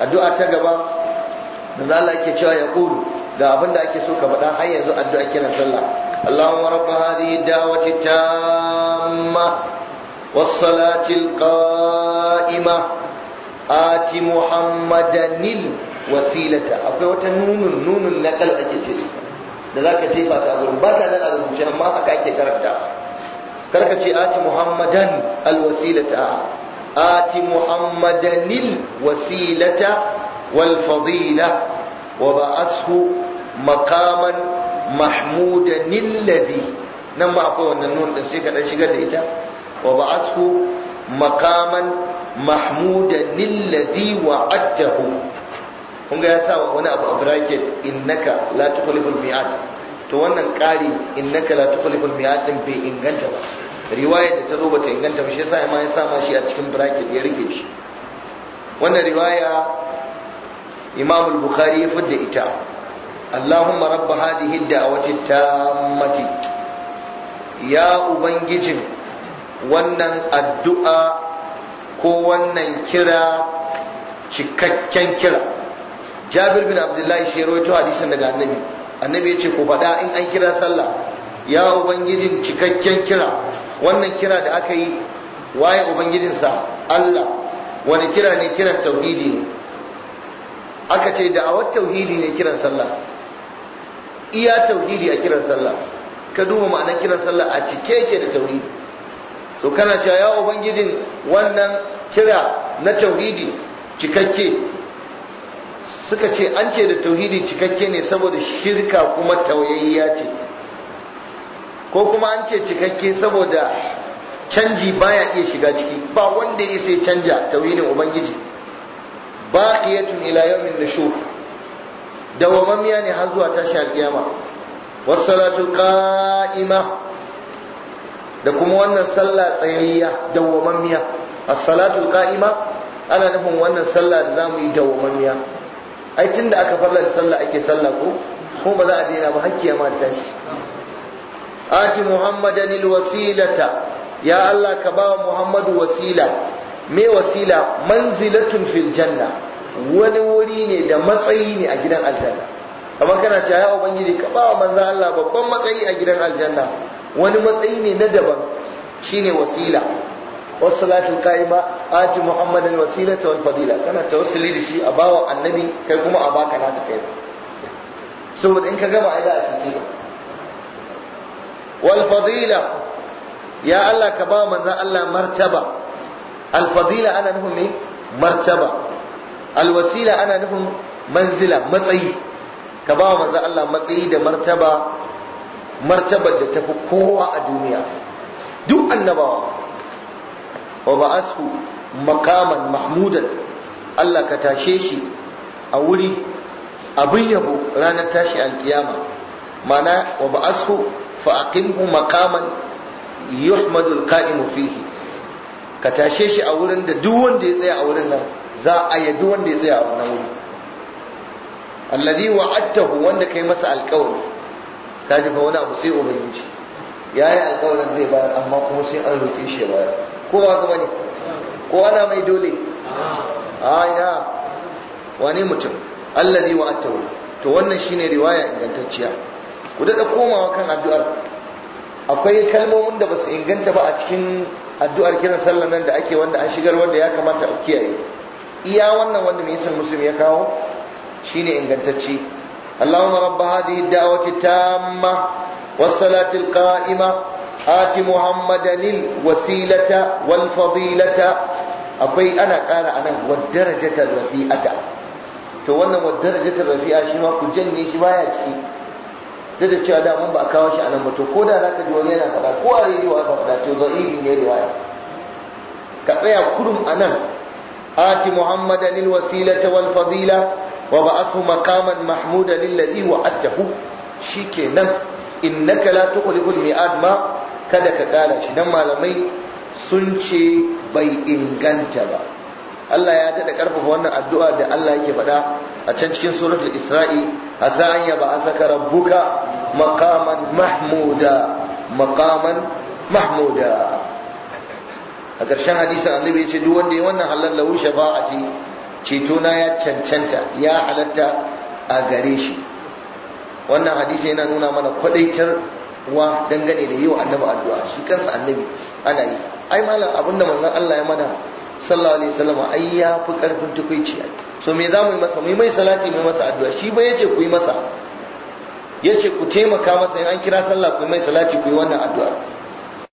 addu'a ta gaba manzo Allah yake cewa ya qulu da abinda da ake so ka faɗa har yanzu addu'a kina sallah Allahumma rabb hadhihi da'wati tamma والصلاة القائمة آت محمدا الوسيلة أقول وتنون نون النقل أجتري da za ka jefa ta gurin ba ta da a rubuce amma haka ake karanta karka ce ati muhammadan al wasilata. آت محمدا الوسيلة والفضيلة وبعثه مقاما محمودا الذي نما أقوى أن النون تنسيك الأشياء وبعثه مقاما محمودا الذي وعدته kun ga ya wani abu a bracket innaka la tukhliful mi'ad to wannan ƙari innaka la tukhliful mi'ad din bai inganta ba riwayar da ta zo bata inganta ba shi yasa ma ya sa shi a cikin bracket ya rufe shi wannan riwaya Imam al-Bukhari ya fidda ita Allahumma rabb hadhihi ad-da'wati tammati ya ubangijin wannan addu'a ko wannan kira cikakken kira Jabir bin Abdullahi shi rawaito hadisin daga Annabi Annabi ya ce ku faɗa in an kira sallah ya ubangijin cikakken kira wannan kira da aka yi waye ubangijinsa Allah wani kira ne kiran tauhidi ne aka ce da awar tauhidi ne kiran sallah iya tauhidi a kiran sallah ka duba ma'anar kiran sallah a cike yake da tauhidi so kana cewa ya ubangijin wannan kira na tauhidi cikakke suka ce an ce da tauhidi cikakke ne saboda shirka kuma tauyayya ce ko kuma an ce cikakke saboda canji baya iya shiga ciki ba wanda ya sai canja tawilin ubangiji baqiyatun ila yawmin nushur dawamammiya ne har zuwa tashi alkiyama salatu qa'ima da kuma wannan sallah tsayayya dawamammiya as-salatu qa'ima ana nufin wannan sallah da zamu yi dawamammiya ai tunda aka farla sallah ake sallah ko ko ba za a daina ba hakkiya ma tashi ati muhammadan ilwasilata ya Allah ka ba muhammadu wasila me wasila manzilatun fil janna wani wuri ne da matsayi ne a gidan aljanna kamar kana cewa ya ubangiji ka ba manzon Allah babban matsayi a gidan aljanna wani matsayi ne na daban shine wasila والصلاة القائمة آت محمدا الوسيلة والفضيلة كما توصل da shi a bawa annabi kai kuma a baka naka kai saboda in ka gama ai a cikin wal ya Allah ka ba manzon Allah martaba al ana nufin me martaba al ana nufin manzila matsayi ka ba manzon Allah matsayi da martaba martabar da tafi kowa a duniya duk annabawa wa ba'athu maqaman mahmudan Allah ka tashe shi a wuri abin yabo ranar tashi alkiyama mana wa ba'athu فأقمه مقاما يحمد القائم فيه ka tashe shi a wurin da duk ya tsaya a wurin nan za yi duk ya tsaya a wannan wuri allazi wa'adtahu wanda kai masa alƙawari ta ji wani abu sai ubangiji ya yi alƙawarin zai bayar amma kuma sai an roƙe shi ya bayar ko ba ne? ko ana mai dole a ina wani mutum allazi wa'adtahu to wannan shine riwaya ingantacciya ku daɗa komawa kan addu'ar akwai kalmomin da ba su inganta ba a cikin addu'ar kiran sallar nan da ake wanda an shigar wanda ya kamata a kiyaye iya wannan wanda mai san musulmi ya kawo shine ingantacci Allahumma Rabba hadhihi ad-da'wati tamma was-salati al-qa'ima آت محمدا akwai ana ƙara anan wadarajatar rafi'ata to wannan wadarajatar rafi'a shi ma ku janye shi baya ciki duk da cewa da mun a kawo shi a nan ba ko da zaka ji wani yana faɗa ko a rediyo aka faɗa to za'ibi ne waya ka tsaya kurum a nan آت محمدا الوسيلة والفضيلة وبعثه مقاما محمودا للذي وعدته شيكينا إنك لا تخلف mai adma kada ka kara shi dan malamai sun ce bai inganta ba Allah ya daɗa ƙarfafa wannan addu'a da Allah yake faɗa a can cikin suratul Isra'i asa ba a saka rabbuka مقاما محمودا مقاما محمودا a ƙarshen hadisin annabi ya ce duk wanda ya wannan halal lahu shafa'ati cetona ya cancanta ya halatta a gare shi wannan hadisi yana nuna mana kwadaitar wa dangane da yau annabi addu'a shi kansa annabi ana yi ai malam abinda manzon Allah ya mana sallallahu alaihi wasallam ai ya fi karfin tukuici so me za mu yi masa mu yi mai salati mu yi masa addu'a shi ba yace ku yi masa yace ku taimaka masa in an kira sallah ku mai salati ku yi wannan addu'a